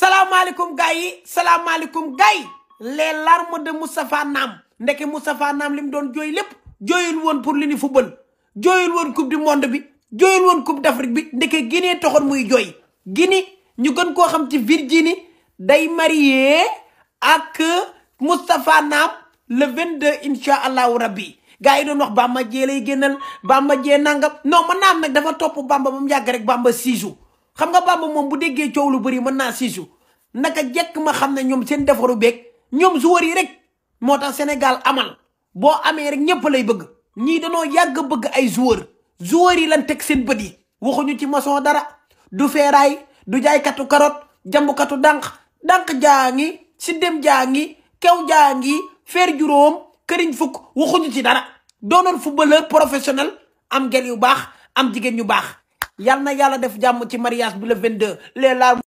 salaamaaleykum gars yi salaamaaleykum gars yi lee larmes de Moustapha Naam ndeke Moustapha Naam li mu doon jooy lépp jooyul woon pour li ni football jooyul woon coupe di monde bi jooyul woon coupe d'Afrique bi ndeke Guinée taxoon muy jooy Guinée ñu gën koo xam ci Virginie day marié ak Moustapha Naam le 22 incha allahu rabbi gars yi doon wax Bamba Dieng lay génnal Bamba jee nangam non man naam nag dafa topp Bamba ba mu yàgg rek Bamba six jours xam nga Bamba moom bu déggee coow lu bëri mën naa siisu naka jekk ma xam ne ñoom seen defaru beeg ñoom joueur yi rek moo tax Sénégal amal boo amee rek ñëpp lay bëgg ñii danoo yàgg bëgg ay joueur joueur yi lan teg seen bët yi waxuñu ci maçon dara du feeraay du jaaykatu carotte jambukatu dànq dànq jaa ngi si dem jaa ngi kew jaa ngi feer juróom këriñ fukk waxuñu ci dara doonoon footballeur professionnel am gel yu baax am jigéen ñu baax yal na yàlla def jàmm ci mariage bi le 22 les larmes